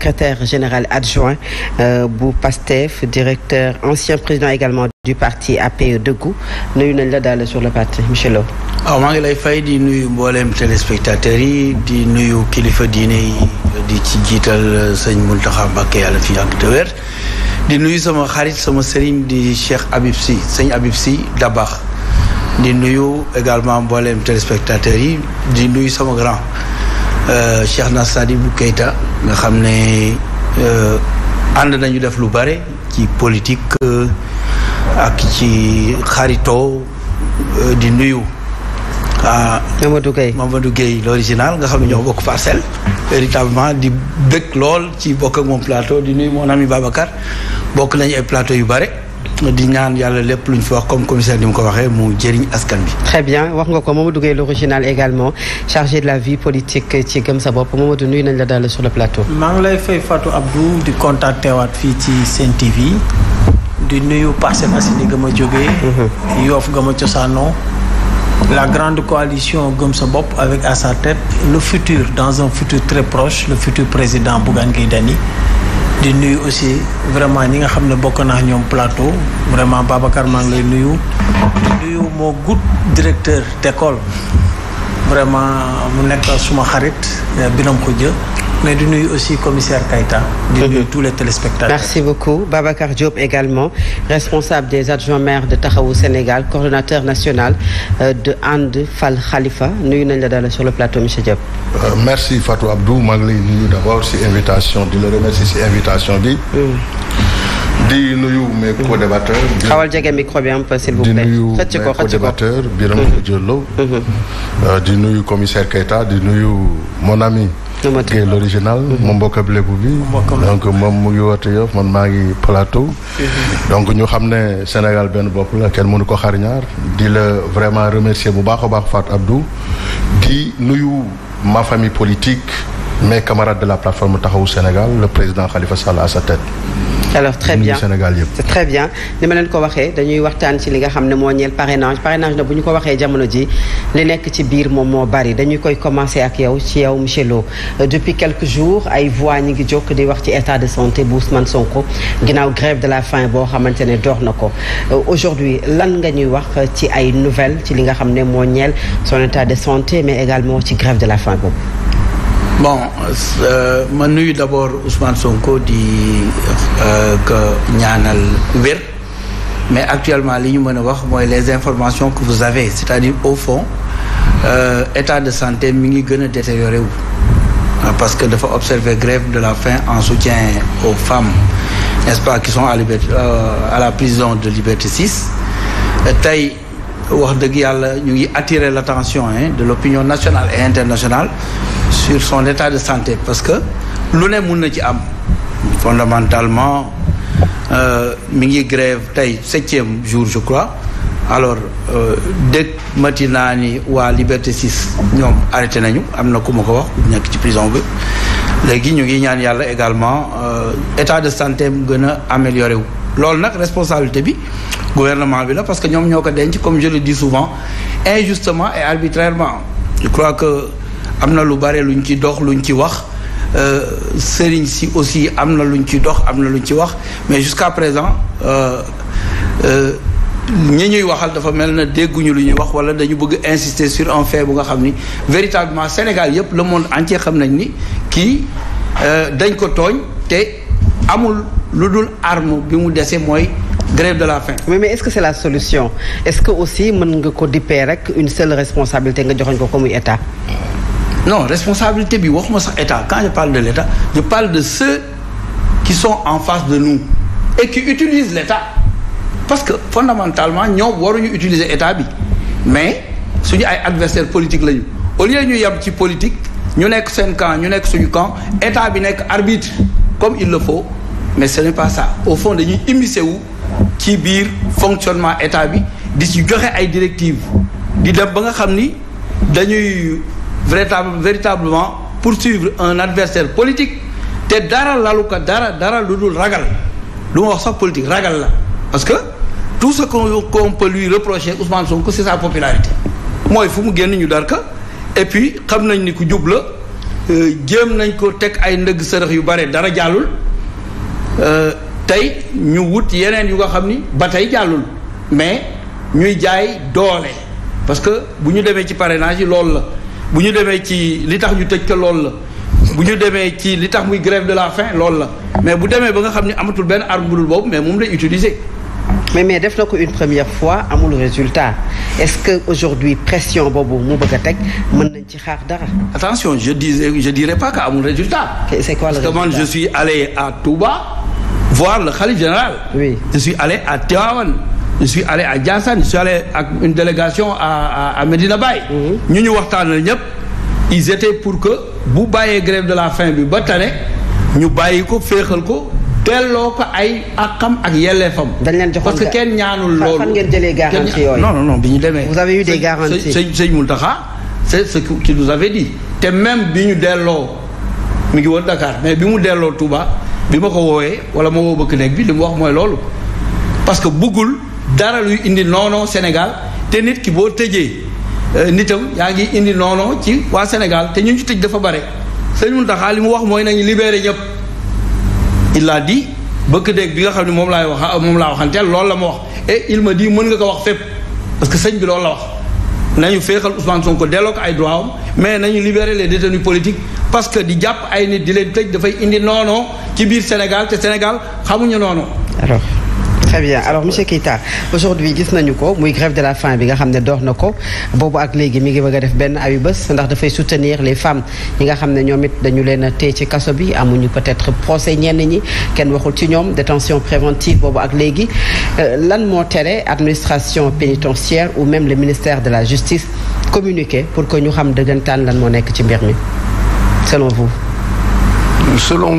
secrétaire général adjoint euh, bu PASTEF directeur ancien président également du parti APE Dëggu nuyu nañ la daal sur le parti monsieur Lo waaw ah, maa ngi lay fay di nuyu mbooleem téléspectateurs yi di nuyu kilifa diine yi di ci jiital euh, sëñ Mountakha Mbacké yàlla fi yàgg te di nuyu sama xarit sama sëriñ di Cheikh Habib Sy sëñ Habib Sy Dabakh di nuyu également mbooleem téléspectateurs yi di nuyu sama grand euh, Cheikh Nassadi bu Keita nga xam ne euh, ànd nañu def lu bare ci politique euh, ak ci xaritoo euh, di nuyu. ah Mamadou Gueye Mamadou Gueye l'original nga xam ne ñoo bokk parcelle. véritablement di bëgg lool ci bokk ak moom plateau di nuyu mon ami Babacar bokk nañu ay plateau yu bare. di ñaan yàlla lépp lu ñu fi wax comme commissaire ni mu ko waxee mu jëriñ askan bi. très bien wax nga ko Mamadou Gueye l'original également chargé de la vie politique ci gëm sa bopp Mamadou nuyu nañ la daal sur le plateau. maa ngi lay fay Fatou Abdou di contacter waat fii ci seen TV di nuyu Parcelles Assainies ga ma jógee. Mhm. Yoff ga ma cosaanoo. la grande coalition Gëm sa bopp avec à sa tête le futur dans un futur très proche le futur président Bougane Gueye Dany di nuyu aussi vraiment ñi nga xam ne bokk naa ñoom plateau vraiment Babacar maa ngi lay nuyu. di nuyu moo gut directeur d'école vraiment mu nekk suma xarit Biram Khoudia mais di nuyu aussi commissaire Keïta. di mhm. nuyu tous les téléspectateurs. merci beaucoup Babacar Diop également responsable des adjoints maires de Taxawu Sénégal coordonnateur national euh, de And Fal Khalifa nuyu nañ la daal sur le plateau monsieur Diop. Euh, merci Fatou Abdou maa ngi lay nuyu d' abord si invitation di la remercier si invitation bi. Mm. di nuyu mes mm. co-débatteurs. xawal jege micro bi un peu s'il vous plaît. Mm-hmm. Mm-hmm. Euh, di nuyu mes di nuyu mon ami. kii l'original moom mbokkab lébu bi donc moom mu ngi woote Yoff man maa ngi plateau mhm. donc ñu xam ne Sénégal benn bopp la kenn mënu ko xar ñaar di la vraiment remercier bu baax a baax Fatou Abdou di nuyu ma famille politique mais camarades de la plateforme Taxawu Sénégal le président Khalifa Sall à sa alors très bien c'est très bien ni ma leen ko waxee dañuy waxtaan ci li nga xam ne moo ñeel parrainage parrainage na bu ñu ko waxee jamono ji li nekk ci biir moom moo bari dañuy koy commencer ak yow ci yow monsieur Lo euh, depuis quelques jour ay voix ñi ngi jokk di wax ci état de santé bu Ousmane Sonko ginnaaw grève de la faim boo xamante ne door na ko euh, aujourd'hui lan nga ñuy wax ci ay nouvelles ci li nga xam ne moo ñeel son état de santé mais également ci grève de la faim boobu bon euh, ma nuyu d' abord Ousmane Sonko di euh, ñaanal wér mais actuellement li ñu mën a wax mooy les informations que vous avez c' est dire au fond euh, état de santé mi ngi gën a détérioré wu ah, parce que dafa observer grève de la faim en soutien aux femmes n'est-ce pas qui sont à liberté euh, à la prison de Liberté 6 tey wax dëgg yàlla ñu ngi attirer l' attention de l' opinion nationale et internationale sur son état de santé parce que lu ne mun na ci am fondamentalement euh, mi ngi grève tey septième jour je crois alors euh, dégg mati naa ni waa Liberté 6 ñoom arrêté nañu am na ku ma ko wax ku nekk ci prison bi léegi ñu ngi ñaan yàlla également euh, état de santé mu gën a amélioré wu loolu nag responsabilité bi gouvernement bi la parce que ñoom ñoo ko denc comme je le dis souvent injustement et arbitrairement je crois que am na lu bare luñ ci dox lu ñu ci wax euh, sëriñ si aussi am na lu luñ ci dox am na luñ ci wax mais jusqu'à présent euh, euh, ñi ñuy waxal dafa mel na dégguñu lu ñuy wax wala dañu bëgg insister sur un fait bu nga xam ni véritablement Sénégal yëpp le monde entier xam nañ ni kii dañ ko tooñ te amul lu dul arme bi mu desee mooy grève de la faim. mais mais est-ce que c'est la solution est-ce que aussi mën nga ko dippee rek une seule responsabilité nga joxoñ ko ko muy état. non responsabilité bi waxuma sax état quand je parle de l'état je parle de ceux qui sont en face de nous et qui utilisent l'état parce que fondamentalement ñoom waruñu utiliser état bi mais suñu ay adversaires politiques lañu au lieu ñu yem ci politique ñu nekk seen camp ñu nekk suñu camp état bi nekk arbitre comme il le faut mais ce n'est pas ça au fond dañuy immiscé wu ci biir fonctionnement état bi di si joxe ay directives di dem ba nga xam ni dañuy véritable véritablement poursuivre un adversaire politique te dara lalu ko dara dara lu dul ragal lu ma wax sax politique ragal la parce que tout ce qu'on qu'on peut lui reprocher Ousmane Sonko c'est sa popularité mooy fu mu génn ñu dar ka et puis xam nañ ni ku jub la euh, jéem nañ ko teg ay ndëgg sërëx yu bare dara jàllul euh, tey ñu wut yeneen yu nga xam ni ba tey jàllul mais ñuy jaay doole parce que bu ñu demee ci parrainage yi loolu la bu ñu demee ci li tax ñu tëj ko loolu la bu ñu demee ci li tax muy grève de la faim loolu la mais bu demee ba nga xam ne amatul benn arme bu dul boobu mais moom la utiliser. mais mais def na ko une première fois amul résultat est-ce que aujourd'hui pression boobu mu bëgg a teg mën nañ ci xaar dara. attention je disais je pas que amul résultat. c'est quoi le résultat parce que man je suis allé à Touba voir le khalife général. oui je suis allé à Tivaouane. je suis allé à Diassane je suis allé ak une délégation à à, à mhm. ñu ñu waxtaanal ñëpp. ils étaient pour que bu bàyyee grève de la fin bi ba tane ñu bàyyi ko féexal ko delloo ko ay àqam ak yelleefam. dañ leen joxoon parce que kenn ñaanul loolu. fan ngeen jëlee garantie yooyu non non non bi ñu demee. vous avez eu des garanties sëñ sëñ Mountakha c'est ce qu'il nous avait dit. te même bi ñu delloo mu ngi woon Dakar mais bi mu delloo Touba bi ma ko woowee wala ma woo bëkk bi li mu wax mooy loolu parce que buggul. dara luy indi noonoo Sénégal te nit ki boo tëjee euh, nitam yaa ngi indi noonoo ci waa Sénégal te ñu ci tëj dafa bare sëñ Mountakha li mu wax mooy nañu libéré ñëpp il di dit bëkk déeg bi nga xam ne moom laay wax moom laa waxanteel lool la ma wax et il m'a dit mën nga ko wax fépp parce que sëñ bi loolu la wax nañu féexal Ousmane Sonko delloo ko ay droit am mais nañu libérer les détenus politiques parce que di jàpp ay nit di leen tëj dafay indi noonoo ci biir Sénégal te Sénégal xamuñu noonoo très bien alors monsieur Keita aujourd'hui gis nañu ko muy grève de la faim bi nga xam ne door na ko boobu ak léegi mi ngi bëgg a def benn ayu bés ndax dafay soutenir les femmes yi nga xam ne ñoom it dañu leen a téye ci kaso bi amuñu peut-être procès ñenn ñi kenn waxul ci ñoom détention préventive boobu ak léegi euh, lan moo tere administration pénitentiaire ou même le ministère de la justice communiqué pour que ñu xam dëggantaan lan moo nekk ci mbir mi selon